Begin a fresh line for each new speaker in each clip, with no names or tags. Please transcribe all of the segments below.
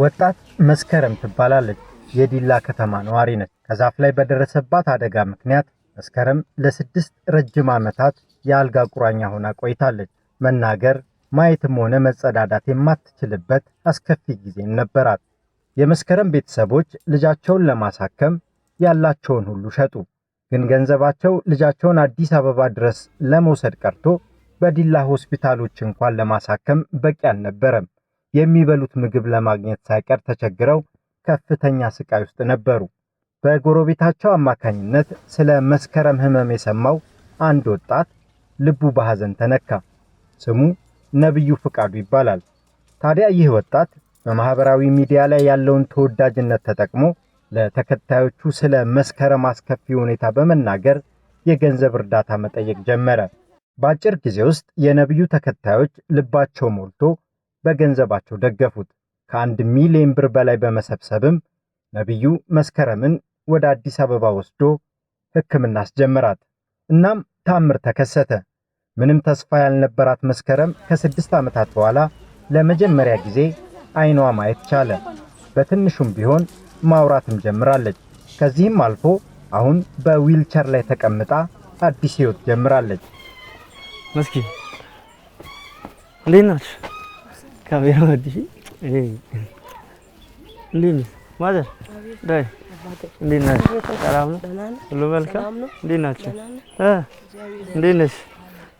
ወጣት መስከረም ትባላለች። የዲላ ከተማ ነዋሪ ነች። ከዛፍ ላይ በደረሰባት አደጋ ምክንያት መስከረም ለስድስት ረጅም ዓመታት የአልጋ ቁራኛ ሆና ቆይታለች። መናገር ማየትም ሆነ መጸዳዳት የማትችልበት አስከፊ ጊዜም ነበራት። የመስከረም ቤተሰቦች ልጃቸውን ለማሳከም ያላቸውን ሁሉ ሸጡ። ግን ገንዘባቸው ልጃቸውን አዲስ አበባ ድረስ ለመውሰድ ቀርቶ በዲላ ሆስፒታሎች እንኳን ለማሳከም በቂ አልነበረም። የሚበሉት ምግብ ለማግኘት ሳይቀር ተቸግረው ከፍተኛ ስቃይ ውስጥ ነበሩ። በጎረቤታቸው አማካኝነት ስለ መስከረም ህመም የሰማው አንድ ወጣት ልቡ በሐዘን ተነካ። ስሙ ነብዩ ፍቃዱ ይባላል። ታዲያ ይህ ወጣት በማህበራዊ ሚዲያ ላይ ያለውን ተወዳጅነት ተጠቅሞ ለተከታዮቹ ስለ መስከረም አስከፊ ሁኔታ በመናገር የገንዘብ እርዳታ መጠየቅ ጀመረ። በአጭር ጊዜ ውስጥ የነብዩ ተከታዮች ልባቸው ሞልቶ በገንዘባቸው ደገፉት። ከአንድ ሚሊዮን ብር በላይ በመሰብሰብም ነቢዩ መስከረምን ወደ አዲስ አበባ ወስዶ ሕክምና አስጀመራት። እናም ታምር ተከሰተ። ምንም ተስፋ ያልነበራት መስከረም ከስድስት ዓመታት በኋላ ለመጀመሪያ ጊዜ አይኗ ማየት ቻለ። በትንሹም ቢሆን ማውራትም ጀምራለች። ከዚህም አልፎ አሁን በዊልቸር ላይ ተቀምጣ አዲስ ህይወት ጀምራለች።
መስኪ እንዴት ናችሁ? ካሜራ ወዲህ እንዴት ማዘር ዳይ እንዴት ነሽ? ሰላም ነው? ሁሉ መልካም? እንዴት ናቸው? እንዴት ነሽ?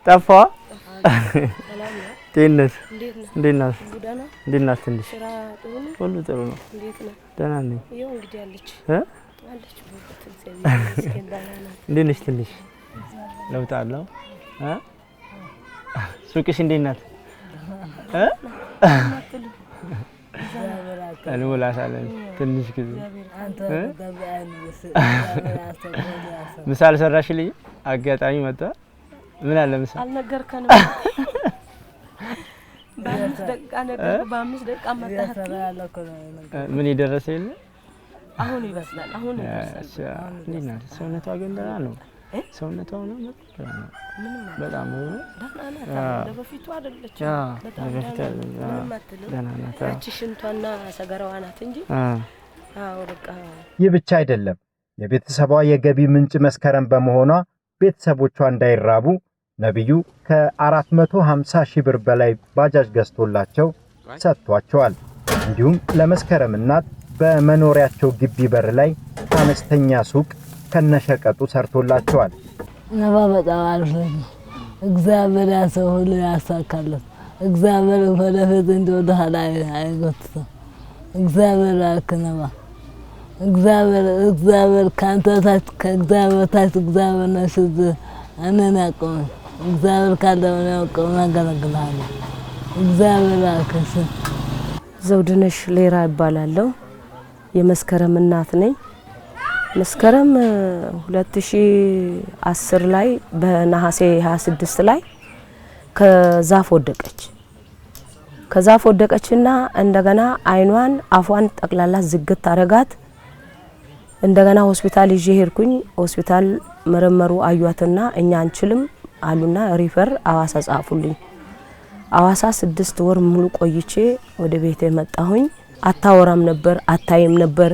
ጠፋ እንዴት ነሽ? እንዴት ናት? እንዴት ናት? ትንሽ ሁሉ ጥሩ ነው። ደህና ነኝ። እንዴት ነሽ? ትንሽ ለውጥ አለው። ሱቅሽ እንዴት ናት? እንውላሳለን ትንሽ ጊዜ ምሳ አልሰራሽልኝ አጋጣሚ መጣ። ምን አለ ምሳ
አልነገርከንም? በአምስት ደቂቃ መጣህ።
ምን የደረሰ የለ
አሁን ይበስላል። አሁን
ሰውነቷ ግን ደህና ነው። ሰውነቷ በጣም በፊቱ ደህና
ናት። ያቺ ሽንቷና ሰገራዋ ናት እንጂ
ይህ ብቻ አይደለም። የቤተሰቧ የገቢ ምንጭ መስከረም በመሆኗ ቤተሰቦቿ እንዳይራቡ ነቢዩ ከ450 ሺህ ብር በላይ ባጃጅ ገዝቶላቸው ሰጥቷቸዋል። እንዲሁም ለመስከረም እናት በመኖሪያቸው ግቢ በር ላይ አነስተኛ ሱቅ ከነሸቀጡ ሰርቶላቸዋል።
ነባ በጣም አሪፍ ልጅ እግዚአብሔር ያሰው ሁሉ ያሳካለት። እግዚአብሔር ወደፊት እንጂ ወደኋላ አይጎትተው። እግዚአብሔር አልክ ነባ እግዚአብሔር እግዚአብሔር ከአንተ ታች ከእግዚአብሔር ታች እግዚአብሔር ነሽ። እኔን ያቆመ እግዚአብሔር ካለ ሆነ ያቆመ አገለግልሃለሁ። እግዚአብሔር አልክሽ።
ዘውድነሽ ሌራ እባላለሁ። የመስከረም እናት ነኝ። መስከረም 2010 ላይ በነሐሴ 26 ላይ ከዛፍ ወደቀች። ከዛፍ ወደቀችና እንደገና አይኗን አፏን ጠቅላላ ዝግት አረጋት። እንደገና ሆስፒታል ይዤ ሄድኩኝ። ሆስፒታል መረመሩ፣ አዩዋትና እኛ አንችልም አሉና ሪፈር አዋሳ ጻፉልኝ። አዋሳ ስድስት ወር ሙሉ ቆይቼ ወደ ቤቴ መጣሁኝ። አታወራም ነበር፣ አታይም ነበር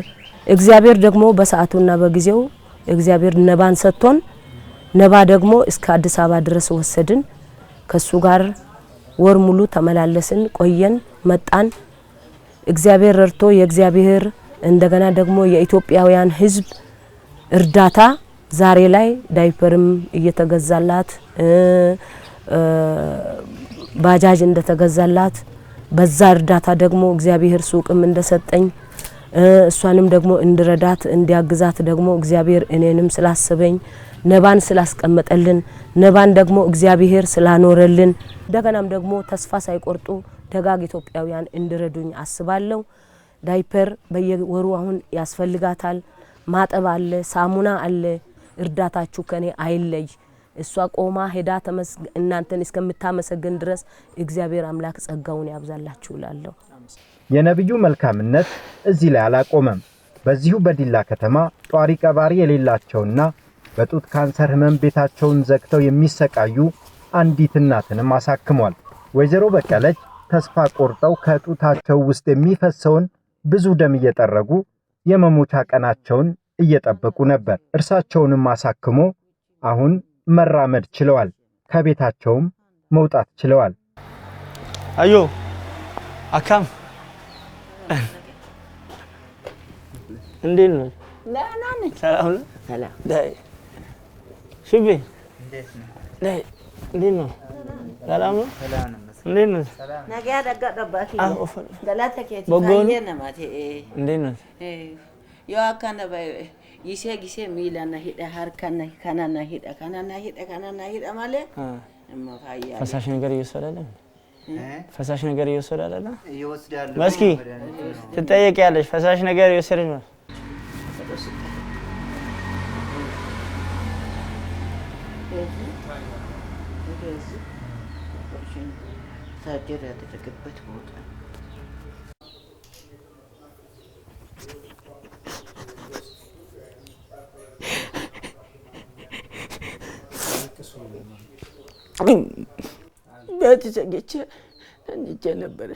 እግዚአብሔር ደግሞ በሰዓቱና በጊዜው እግዚአብሔር ነባን ሰጥቶን ነባ ደግሞ እስከ አዲስ አበባ ድረስ ወሰድን። ከሱ ጋር ወር ሙሉ ተመላለስን፣ ቆየን፣ መጣን። እግዚአብሔር ረድቶ የእግዚአብሔር እንደገና ደግሞ የኢትዮጵያውያን ሕዝብ እርዳታ ዛሬ ላይ ዳይፐርም እየተገዛላት ባጃጅ እንደተገዛላት በዛ እርዳታ ደግሞ እግዚአብሔር ሱቅም እንደሰጠኝ እሷንም ደግሞ እንድረዳት እንዲያግዛት ደግሞ እግዚአብሔር እኔንም ስላስበኝ ነባን ስላስቀመጠልን ነባን ደግሞ እግዚአብሔር ስላኖረልን እንደገናም ደግሞ ተስፋ ሳይቆርጡ ደጋግ ኢትዮጵያውያን እንድረዱኝ አስባለሁ። ዳይፐር በየወሩ አሁን ያስፈልጋታል። ማጠብ አለ፣ ሳሙና አለ። እርዳታችሁ ከኔ አይለይ። እሷ ቆማ ሄዳ እናንተን እስከምታመሰግን ድረስ እግዚአብሔር አምላክ ጸጋውን ያብዛላችሁ እላለሁ።
የነቢዩ መልካምነት እዚህ ላይ አላቆመም። በዚሁ በዲላ ከተማ ጧሪ ቀባሪ የሌላቸውና በጡት ካንሰር ህመም ቤታቸውን ዘግተው የሚሰቃዩ አንዲት እናትንም አሳክሟል። ወይዘሮ በቀለች ተስፋ ቆርጠው ከጡታቸው ውስጥ የሚፈሰውን ብዙ ደም እየጠረጉ የመሞቻ ቀናቸውን እየጠበቁ ነበር። እርሳቸውንም አሳክሞ አሁን መራመድ ችለዋል። ከቤታቸውም መውጣት ችለዋል።
አዮ አካም እንዴት ነው? ደህና ነኝ። ሰላም ነው። ሰላም ዳይ ሽቤ እንዴት ነው? ዳይ እንዴት ነው? ሰላም ነው። እንዴት ነው?
ነገ ያደጋጠባት ገላተ ኬት
ታየነ ማቴ እንዴት ነው?
yoo akkana gisee gisee miila na hidha harka na kana na hidha kana na hidha kana na hidha malee
immoo fayyaa fasaashin gar iyyuu sodaadame ፈሳሽ ነገር እየወሰደ አይደለ? መስኪ ትጠየቅ ትጠየቂያለሽ። ፈሳሽ ነገር እየወሰደች ነው።
ያደረገበት ቦታ ቤት ዘግቼ እንጄ ነበረ።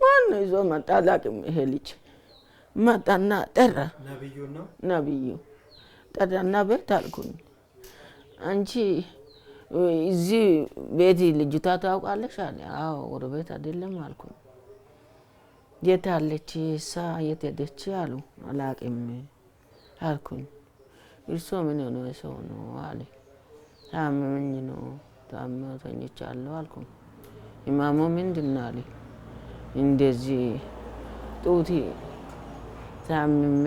ማነው ይዞ መጣ አላውቅም። ይሄ ልጅ መጣና ጠራ። ነብዩ ጠራና ቤት አልኩኝ። አንቺ እዚህ ቤት ልጅቷ ታውቃለሽ አለ። አዎ ጎረቤት አይደለም አልኩኝ። የት አለች ሳ የት ሄደች አሉ። አላውቅም አልኩኝ። እርሶ ምን ሆነ ሰው ነው አለ። ታመመኝ ነው ታሞ ተኝቻለሁ አልኩኝ። ኢማሙ ምንድን አለኝ? እንደዚህ ጡቲ ታምሜ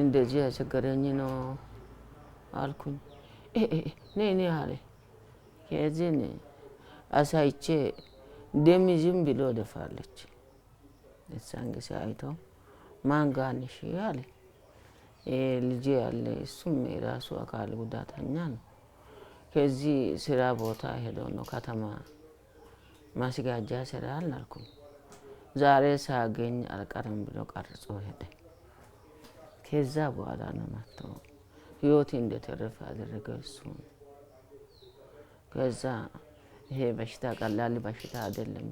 እንደዚህ ያስቸገረኝ ነው አልኩኝ። ነኔ አለ። ከዚህን አሳይቼ ደም ዝም ብሎ ደፋለች። እሳን ጊዜ አይቶ ማን አለ። ልጄ አለ፣ እሱም የራሱ አካል ጉዳተኛ ነው ከዚህ ስራ ቦታ ሄደው ነው ከተማ ማስጋጃ ስራ አላልኩ! ዛሬ ሳገኝ አልቀርም ብሎ ቀርጾ ሄደ። ከዛ በኋላ ነው መተው ህይወት እንደተረፈ አደረገው እሱ። ከዛ ይሄ በሽታ ቀላል በሽታ አይደለም፣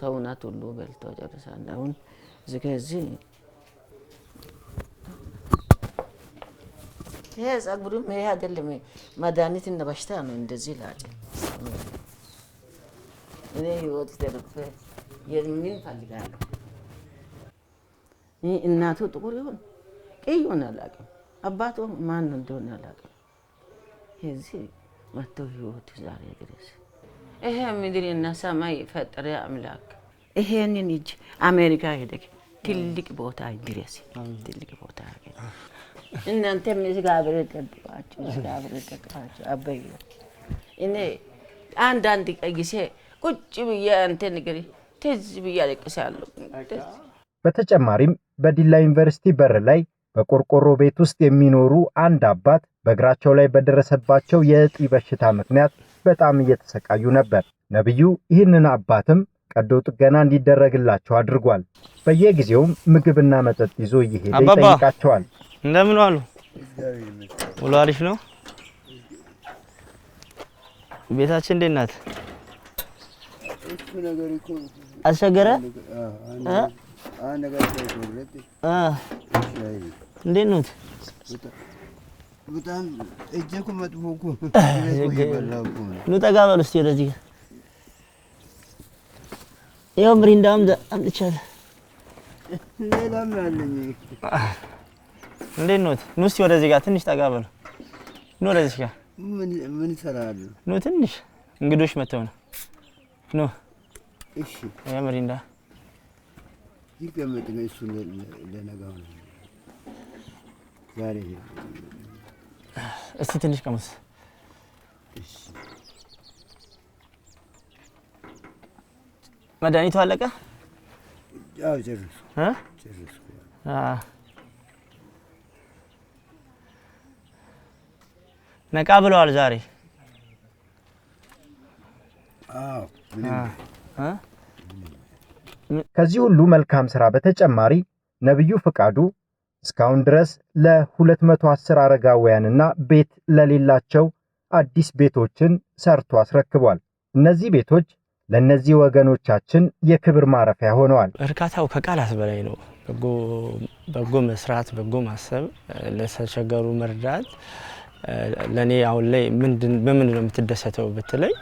ሰውነት ሁሉ በልቶ ጨርሳለሁን ከዚህ ይሄ ጸጉርም ይሄ አይደለም መድኃኒት እና በሽታ ነው። እንደዚህ ላለ እኔ ህይወት ተርፈ የምን ፈልጋለሁ? ይህ እናቱ ጥቁር ይሆን ቀይ ይሁን አላውቅም፣ አባቱ ማን እንደሆነ አላውቅም። የዚህ መተው ህይወት ዛሬ ድረስ ይሄ ምድር እና ሰማይ የፈጠረ አምላክ ይሄንን እጅ አሜሪካ ሄደክ ትልቅ ቦታ ድረስ ትልቅ ቦታ እናንተም እዚህ ጋር አበዩ እኔ አንዳንድ ቁጭ ብዬ አንተ ትዝ ብዬ አለቅሳለሁ።
በተጨማሪም በዲላ ዩኒቨርሲቲ በር ላይ በቆርቆሮ ቤት ውስጥ የሚኖሩ አንድ አባት በእግራቸው ላይ በደረሰባቸው የእጢ በሽታ ምክንያት በጣም እየተሰቃዩ ነበር። ነቢዩ ይህንን አባትም ቀዶ ጥገና እንዲደረግላቸው አድርጓል። በየጊዜውም ምግብና መጠጥ ይዞ እየሄደ
ይጠይቃቸዋል። እንደምን ዋሉ? ውሎ አሪፍ ነው። ቤታችን እንዴት ናት? አስቸገረ? እንዴት ነዎት?
በጣም እጄ እኮ መጥፎ እኮ
ኑ ጠጋ በሉ እስኪ ወደዚህ ይኸው ምሪንዳም አምጥቻለሁ
ሌላም አለኝ
እንዴት ኖት? ኑ እስኪ ወደዚህ ጋር ትንሽ ጠጋ በሉ። ኑ ወደዚህ ጋር
ምን ምን ይሰራሉ?
ኑ ትንሽ እንግዶች መተው ነው። ኑ እሺ። ምሪንዳ
ይቀመጥ ነው። እሱ ለነገው ነው ዛሬ።
እስቲ ትንሽ ቀመስ። መድኃኒቱ አለቀ?
አዎ ጨረስኩ።
ነቃ ብለዋል ዛሬ።
ከዚህ ሁሉ መልካም ስራ በተጨማሪ ነቢዩ ፍቃዱ እስካሁን ድረስ ለ210 አረጋውያንና ቤት ለሌላቸው አዲስ ቤቶችን ሰርቶ አስረክቧል። እነዚህ ቤቶች ለእነዚህ ወገኖቻችን የክብር ማረፊያ ሆነዋል።
እርካታው ከቃላት በላይ ነው። በጎ መስራት፣ በጎ ማሰብ፣ ለተቸገሩ መርዳት ለእኔ አሁን ላይ በምንድን ነው የምትደሰተው ብትለኝ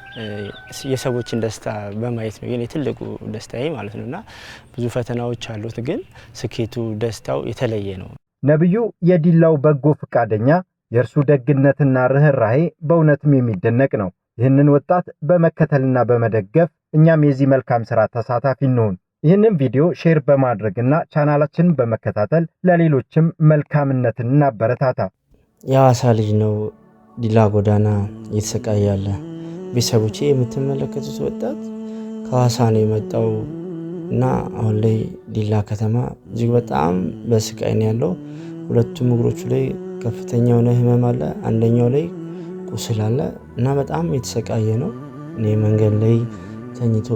የሰዎችን ደስታ በማየት ነው የኔ ትልቁ ደስታዬ ማለት ነው። እና ብዙ ፈተናዎች አሉት፣ ግን ስኬቱ ደስታው የተለየ ነው።
ነቢዩ የዲላው በጎ ፈቃደኛ የእርሱ ደግነትና ርኅራሄ በእውነትም የሚደነቅ ነው። ይህንን ወጣት በመከተልና በመደገፍ እኛም የዚህ መልካም ስራ ተሳታፊ እንሆን። ይህንን ቪዲዮ ሼር በማድረግና ቻናላችንን በመከታተል ለሌሎችም መልካምነትን እናበረታታ።
የአዋሳ ልጅ ነው ዲላ ጎዳና እየተሰቃየ ያለ። ቤተሰቦቼ የምትመለከቱት ወጣት ከሐዋሳ ነው የመጣው እና አሁን ላይ ዲላ ከተማ እጅግ በጣም በስቃይ ነው ያለው። ሁለቱም እግሮቹ ላይ ከፍተኛ የሆነ ህመም አለ፣ አንደኛው ላይ ቁስል አለ እና በጣም የተሰቃየ ነው። እኔ መንገድ ላይ ተኝቶ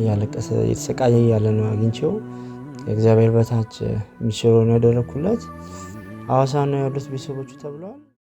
እያለቀሰ የተሰቃየ እያለ ነው አግኝቼው ከእግዚአብሔር በታች ሚስሮን ያደረግኩለት ሐዋሳ ነው ያሉት ቤተሰቦቹ ተብለዋል።